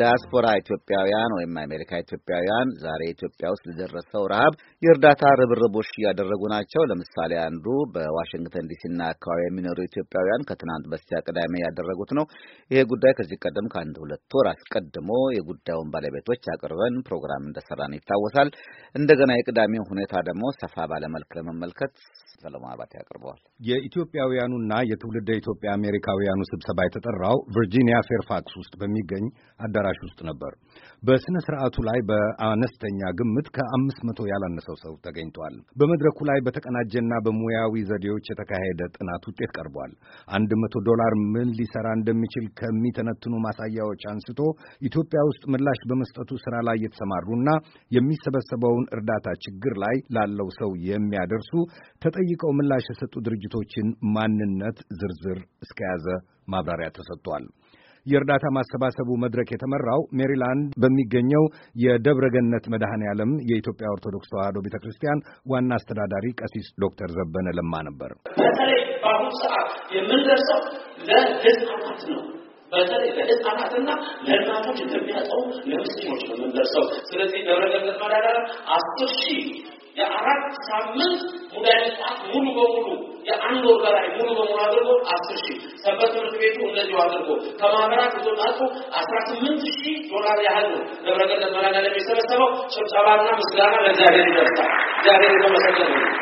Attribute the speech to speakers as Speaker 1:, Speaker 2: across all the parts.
Speaker 1: ዳያስፖራ ኢትዮጵያውያን ወይም አሜሪካ ኢትዮጵያውያን ዛሬ ኢትዮጵያ ውስጥ ለደረሰው ረሃብ የእርዳታ ርብርቦች እያደረጉ ናቸው። ለምሳሌ አንዱ በዋሽንግተን ዲሲና አካባቢ የሚኖሩ ኢትዮጵያውያን ከትናንት በስቲያ ቅዳሜ ያደረጉት ነው። ይሄ ጉዳይ ከዚህ ቀደም ከአንድ ሁለት ወር አስቀድሞ የጉዳዩን ባለቤቶች አቅርበን ፕሮግራም እንደሰራን ይታወሳል። እንደገና የቅዳሜው ሁኔታ ደግሞ ሰፋ ባለመልክ ለመመልከት ሰለሞን አባቴ ያቀርበዋል።
Speaker 2: የኢትዮጵያውያኑና የትውልደ ኢትዮጵያ አሜሪካውያኑ ስብሰባ የተጠራው ቨርጂኒያ ፌርፋክስ ውስጥ በሚገኝ አዳራ አዳራሽ ውስጥ ነበር። በሥነ ሥርዓቱ ላይ በአነስተኛ ግምት ከአምስት መቶ ያላነሰው ሰው ተገኝቷል። በመድረኩ ላይ በተቀናጀና በሙያዊ ዘዴዎች የተካሄደ ጥናት ውጤት ቀርቧል። አንድ መቶ ዶላር ምን ሊሰራ እንደሚችል ከሚተነትኑ ማሳያዎች አንስቶ ኢትዮጵያ ውስጥ ምላሽ በመስጠቱ ሥራ ላይ የተሰማሩና የሚሰበሰበውን እርዳታ ችግር ላይ ላለው ሰው የሚያደርሱ ተጠይቀው ምላሽ የሰጡ ድርጅቶችን ማንነት ዝርዝር እስከያዘ ማብራሪያ ተሰጥቷል። የእርዳታ ማሰባሰቡ መድረክ የተመራው ሜሪላንድ በሚገኘው የደብረገነት ገነት መድኃኔ ዓለም የኢትዮጵያ ኦርቶዶክስ ተዋሕዶ ቤተ ክርስቲያን ዋና አስተዳዳሪ ቀሲስ ዶክተር ዘበነ ለማ ነበር።
Speaker 1: በተለይ በአሁኑ ሰዓት የምንደርሰው ለህፃናት ነው። በተለይ ለህፃናትና ለእናቶች እንደሚያጠው ለምስኪኖች ነው የምንደርሰው። ስለዚህ ደብረገነት ገነት አስር ሺህ የአራት ሳምንት ሙዳይ ሙሉ በሙሉ አንድ ወር በላይ ሙሉ በሙሉ አድርጎ አስር ሺህ ሰንበት ትምህርት ቤቱ እንደዚሁ አድርጎ ከማህበራት የተወጣጡ አስራ ስምንት ሺህ ዶላር ያህል ነው ደብረገነት መድኃኔዓለም የሰበሰበው። ጭብጨባና ምስጋና ለእግዚአብሔር ይደርሳል። እግዚአብሔር የተመሰገነ ነው።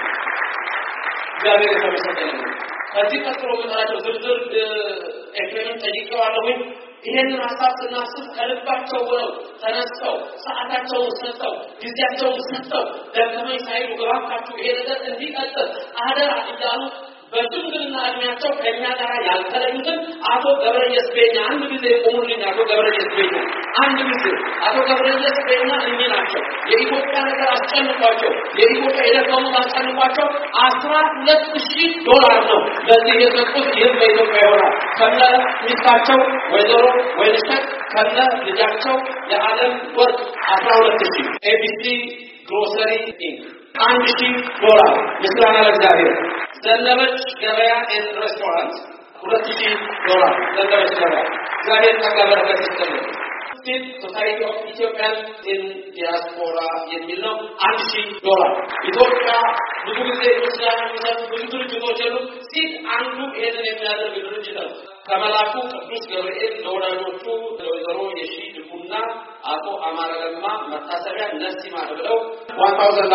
Speaker 1: እግዚአብሔር የተመሰገነ ነው። ከዚህ ቀጥሎ ዝርዝር ኤፍሬምን ጠይቄዋለሁኝ። ይሄንን ሀሳብ ስናስብ ከልባቸው ሆነው ተነስተው ሰዓታቸውን ሰጠው ጊዜያቸውን ሰጠው ደከመኝ ሳይሉ እባካችሁ ይሄ ነገር እንዲቀጥል አደራ እያሉ በሽምግልና እድሜያቸው ከእኛ ጋር ያልተለዩትን አቶ ገብረየስ ቤኛ አንድ ጊዜ ቁሙልኝ። አቶ ገብረየስ ቤኛ አንድ ጊዜ አቶ ገብረየስ ቤኛ እኚህ ናቸው። የኢትዮጵያ ነገር አስጨንቋቸው፣ የኢትዮጵያ የደከሙት አስጨንቋቸው። አስራ ሁለት ሺህ ዶላር ነው ለዚህ የሰጡት። ይህም በኢትዮጵያ ይሆናል ከነ ሚስታቸው ወይዘሮ ወይንሸት ከነ ልጃቸው የዓለም ወርቅ አስራ ሁለት ሺህ ኤቢሲ ግሮሰሪ ኢንክ አንድ ሺህ ዶላር ምስጋና ለእግዚአብሔር ዘነበች ገበያ ኤንድ ሬስቶራንት ሁለት ሺ ዶላር ዘነበች ገበያ። እግዚአብሔር ጸጋ በረከት ይስጥልን። ስቴት ሶሳይቲ ኦፍ ኢትዮጵያን ኢን ዲያስፖራ የሚል ነው። አንድ ሺ ዶላር ኢትዮጵያ ብዙ ጊዜ ስላ የሚሰጡ ብዙ ድርጅቶች የሉ ሲት አንዱ ይህንን የሚያደርግ ድርጅት ነው። ከመላኩ ቅዱስ ገብርኤል ለወዳጆቹ ለወይዘሮ የሺ ልቡና አቶ አማረ ለማ መታሰቢያ ነሲ ማለ ብለው ዋንታው ታውዘንድ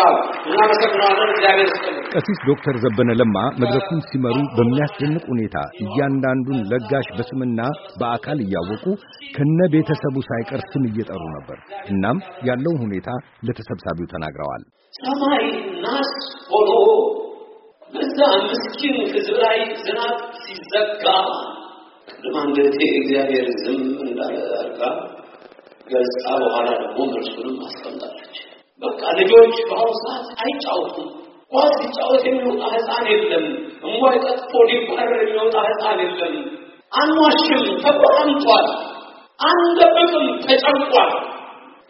Speaker 1: እናመሰግናለን። እግዚአብሔር ይስጥልን።
Speaker 2: ቀሲስ ዶክተር ዘበነ ለማ መድረኩን ሲመሩ በሚያስደንቅ ሁኔታ እያንዳንዱን ለጋሽ በስምና በአካል እያወቁ ከነ ቤተሰቡ ሳይቀር ስም እየጠሩ ነበር። እናም ያለውን ሁኔታ ለተሰብሳቢው ተናግረዋል።
Speaker 1: ሰማይ ናስ ሆኖ በዛ ምስኪን ሕዝብ ላይ ዝናብ ሲዘጋ ለማንደቴ እግዚአብሔር ዝም እንዳለ አድርጋ ገጻ በኋላ ደግሞ መርሱንም አስቀምጣለች። በቃ ልጆች በአሁኑ ሰዓት አይጫወቱም። ኳስ ሊጫወት የሚወጣ ህፃን የለም። እምቧይ ቀጥፎ ሊባረር የሚወጣ ህፃን የለም። አንዋሽም፣ ተቆራምጧል። አንደብቅም፣ ተጨንቋል።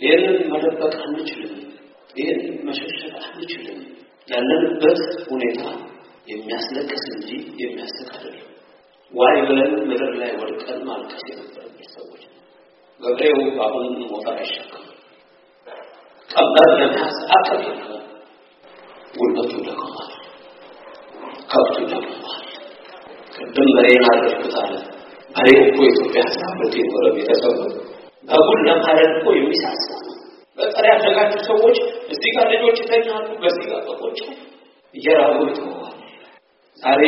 Speaker 1: ይህንን መደበቅ አንችልም። ይህን መሸሸግ አንችልም። ያለንበት ሁኔታ የሚያስለቅስ እንጂ የሚያስተካደል ዋይ ብለን ምድር ላይ ወድቀን ማልቀስ የነበረብን ሰዎች ገብሬው አሁን ሞተር አይሸከም ቀበር ለመያዝ አቅም የለውም። ጉልበቱ ደክሟል፣ ከብቱ ደክሟል። ቅድም መሬን አድርጉታለ በሬ እኮ የኢትዮጵያ ህዝብ የኖረ ቤተሰብ በጉል ለማለት እኮ የሚሳሳ በጠር ያደጋችሁ ሰዎች እዚህ ጋር ልጆች ይተኛሉ፣ በዚህ ጋር ጠቆች እየራቡ ይተዋል። ዛሬ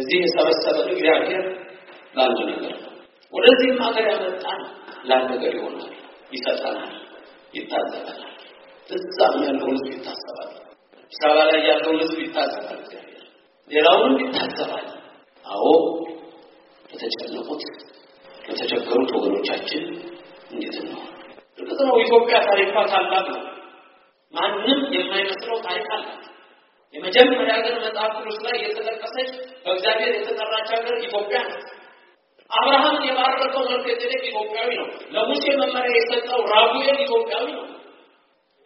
Speaker 1: እዚህ የሰበሰበ እግዚአብሔር ለአንድ ነገር ነው። ወደዚህም ሀገር ያመጣን ለአንድ ነገር ይሆናል። ይሰጠናል፣ ይታዘበናል። እዛም ያለውን ህዝብ ይታዘባል። ሰባ ላይ ያለውን ህዝብ ይታዘባል። እግዚአብሔር ሌላውንም ይታዘባል። አዎ ለተጨነቁት ለተቸገሩት ወገኖቻችን እንዴት ነው? እርግጥ ነው ኢትዮጵያ ታሪኳ ታላቅ ነው። ማንም የማይመስለው ታሪክ አላት። የመጀመሪያ ሀገር መጽሐፍ ቅዱስ ላይ የተጠቀሰች በእግዚአብሔር የተጠራች ሀገር ኢትዮጵያ ናት። አብርሃምን የባረከው መልከጼዴቅ ኢትዮጵያዊ ነው። ለሙሴ መመሪያ የሰጠው ራጉኤል ኢትዮጵያዊ ነው።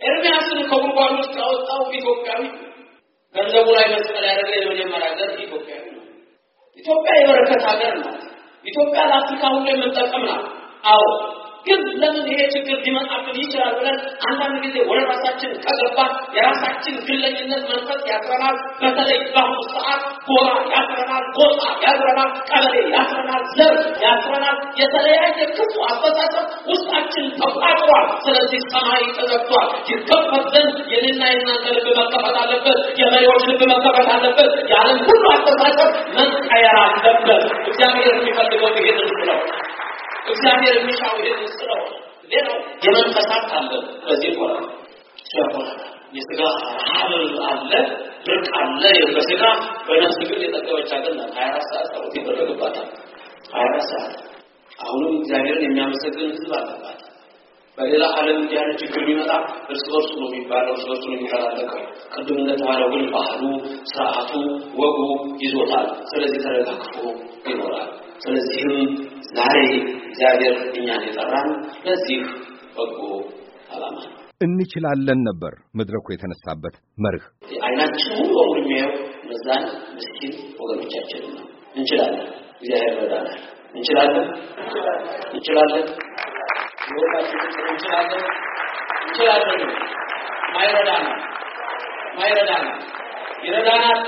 Speaker 1: ኤርሚያስን ከጉድጓድ ውስጥ ያወጣው ኢትዮጵያዊ ነው። ገንዘቡ ላይ መስቀል ያደረገ የመጀመሪያ ሀገር ኢትዮጵያዊ ነው። ኢትዮጵያ የበረከት ሀገር ናት። ኢትዮጵያ ለአፍሪካ ሁሉ የምንጠቀም ናት። አዎ ግን ለምን ይሄ ችግር ሊመጣብን ይችላል ብለን አንዳንድ ጊዜ ወደ ራሳችን ከገባ የራሳችን ግለኝነት መንፈስ ያስረናል። በተለይ በአሁኑ ሰዓት ጎራ ያስረናል፣ ጎጣ ያስረናል፣ ቀበሌ ያስረናል፣ ዘር ያስረናል። የተለያየ ክፉ አስተሳሰብ ውስጣችን ተቋጥሯል። ስለዚህ ሰማይ ተዘግቷል። ይከፈት ዘንድ የኔና የእናንተ ልብ መከፈት አለበት። የመሪዎች ልብ መከፈት አለበት። የዓለም ሁሉ አስተሳሰብ መቀየር አለበት። እግዚአብሔር የሚፈልገው ይሄንን ነው። እግዚአብሔር የሚሻው ይሄን ስለው ሌላው የመንፈስ አለ በዚህ ቆራ ሲያቆራ የስጋ ሀል አለ ድርቅ አለ በስጋ በነፍስ ግን የጠገበች አገር ናት። ሀያ አራት ሰዓት ጸሎት ይደረግባታል። ሀያ አራት ሰዓት አሁንም እግዚአብሔርን የሚያመሰግን ህዝብ አለባት። በሌላ ዓለም እንዲህ ያለ ችግር ቢመጣ እርስ በርሱ ነው የሚባለው፣ እርስ በርሱ ነው የሚፈላለቀው። ቅድም እንደተባለው ግን ባህሉ፣ ስርዓቱ፣ ወጉ ይዞታል። ስለዚህ ተረጋግፎ ይኖራል። ስለዚህም ዛሬ እግዚአብሔር እኛን የጠራን ለዚህ በጎ ዓላማ ነው።
Speaker 2: እንችላለን ነበር መድረኩ የተነሳበት መርህ።
Speaker 1: አይናችን ሙሉ በሙሉ የሚያየው እነዛን ምስኪን ወገኖቻችንን ነው። እንችላለን፣ እግዚአብሔር ይረዳናል። እንችላለን፣ እንችላለን ለወጣችሁ እንችላለን እንችላለን ማይረዳና ማይረዳና ይረዳናል።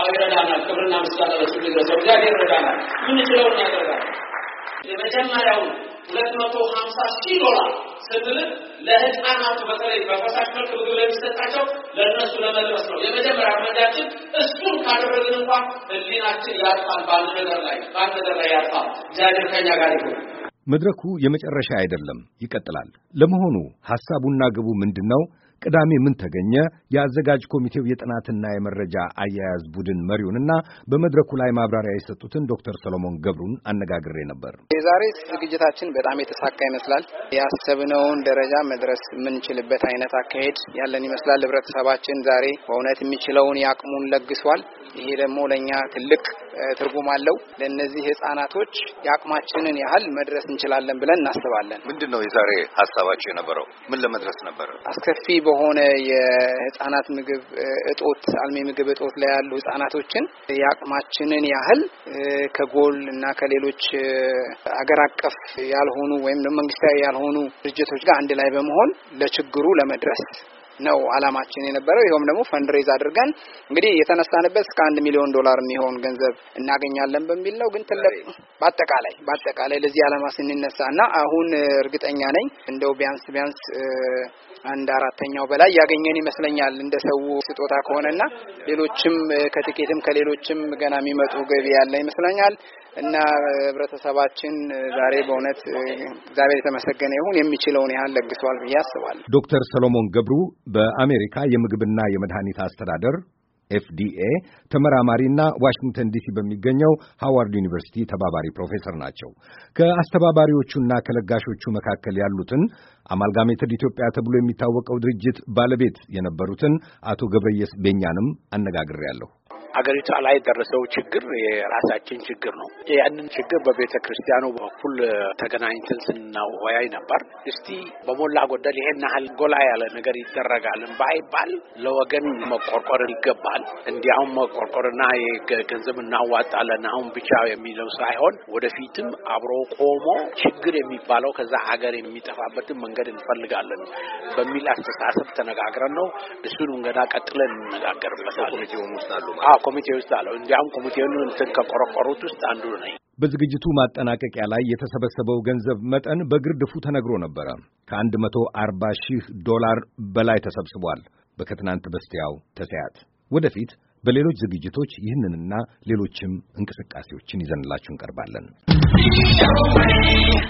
Speaker 1: አዎ ይረዳናል። ክብርና ምስጋና ለሱ ይድረስ። እግዚአብሔር ይረዳናል። ምን ይችላል ያደርጋል። የመጀመሪያው 250 ሺህ ዶላር ስንል ለህፃናቱ በተለይ በፈሳሽ መልክ ምግብ ለሚሰጣቸው ለእነሱ ለመድረስ ነው። የመጀመሪያ አመዳችን እሱን ካደረግን እንኳን ህሊናችን ያርፋል። በአንድ ነገር ላይ በአንድ ነገር ላይ ያርፋል። እግዚአብሔር ከኛ ጋር ይሁን።
Speaker 2: መድረኩ የመጨረሻ አይደለም፣ ይቀጥላል። ለመሆኑ ሐሳቡና ግቡ ምንድን ነው? ቅዳሜ ምን ተገኘ የአዘጋጅ ኮሚቴው የጥናትና የመረጃ አያያዝ ቡድን መሪውንና በመድረኩ ላይ ማብራሪያ የሰጡትን ዶክተር ሰሎሞን ገብሩን አነጋግሬ ነበር።
Speaker 3: የዛሬ ዝግጅታችን በጣም የተሳካ ይመስላል። ያሰብነውን ደረጃ መድረስ የምንችልበት አይነት አካሄድ ያለን ይመስላል። ህብረተሰባችን ዛሬ በእውነት የሚችለውን የአቅሙን ለግሷል። ይሄ ደግሞ ለእኛ ትልቅ ትርጉም አለው። ለእነዚህ ህጻናቶች የአቅማችንን ያህል መድረስ እንችላለን ብለን እናስባለን።
Speaker 2: ምንድን ነው የዛሬ ሀሳባቸው የነበረው? ምን ለመድረስ ነበር?
Speaker 3: አስከፊ በሆነ የህጻናት ምግብ እጦት አልሚ ምግብ እጦት ላይ ያሉ ህጻናቶችን የአቅማችንን ያህል ከጎል እና ከሌሎች አገር አቀፍ ያልሆኑ ወይም መንግስታዊ ያልሆኑ ድርጅቶች ጋር አንድ ላይ በመሆን ለችግሩ ለመድረስ ነው አላማችን የነበረው። ይኸውም ደግሞ ፈንድሬዝ አድርገን እንግዲህ የተነሳንበት እስከ አንድ ሚሊዮን ዶላር የሚሆን ገንዘብ እናገኛለን በሚል ነው። ግን ትልቅ በአጠቃላይ በአጠቃላይ ለዚህ አላማ ስንነሳ እና አሁን እርግጠኛ ነኝ እንደው ቢያንስ ቢያንስ አንድ አራተኛው በላይ ያገኘን ይመስለኛል እንደ ሰው ስጦታ ከሆነና ሌሎችም ከትኬትም ከሌሎችም ገና የሚመጡ ገቢ ያለ ይመስለኛል። እና ህብረተሰባችን ዛሬ በእውነት እግዚአብሔር የተመሰገነ ይሁን የሚችለውን ያህል ለግሰዋል ብዬ አስባለሁ።
Speaker 2: ዶክተር ሰሎሞን ገብሩ በአሜሪካ የምግብና የመድኃኒት አስተዳደር ኤፍዲኤ ተመራማሪና ዋሽንግተን ዲሲ በሚገኘው ሃዋርድ ዩኒቨርሲቲ ተባባሪ ፕሮፌሰር ናቸው። ከአስተባባሪዎቹና ከለጋሾቹ መካከል ያሉትን አማልጋሜትድ ኢትዮጵያ ተብሎ የሚታወቀው ድርጅት ባለቤት የነበሩትን አቶ ገብረየስ ቤኛንም አነጋግሬያለሁ። አገሪቷ ላይ የደረሰው ችግር የራሳችን ችግር ነው። ያንን ችግር በቤተ ክርስቲያኑ በኩል ተገናኝተን
Speaker 1: ስናወያይ ነበር። እስቲ በሞላ ጎደል ይሄን ያህል ጎላ ያለ ነገር ይደረጋልን ባይባል ለወገን መቆርቆር ይገባል። እንዲያውም መቆርቆርና ገንዘብ እናዋጣለን አሁን ብቻ የሚለው ሳይሆን ወደፊትም አብሮ ቆሞ ችግር የሚባለው ከዛ ሀገር የሚጠፋበትን መንገድ እንፈልጋለን በሚል አስተሳሰብ ተነጋግረን ነው።
Speaker 2: እሱን ገና ቀጥለን እንነጋገርበታል። ኮሚቴ ውስጥ አለው። እንዲያውም ኮሚቴውን እንትን ከቆረቆሩት ውስጥ አንዱ ነኝ። በዝግጅቱ ማጠናቀቂያ ላይ የተሰበሰበው ገንዘብ መጠን በግርድፉ ተነግሮ ነበረ። ከአንድ መቶ አርባ ሺህ ዶላር በላይ ተሰብስቧል። በከትናንት በስቲያው ተሰያት ወደፊት በሌሎች ዝግጅቶች ይህንንና ሌሎችም እንቅስቃሴዎችን ይዘንላችሁ
Speaker 1: እንቀርባለን።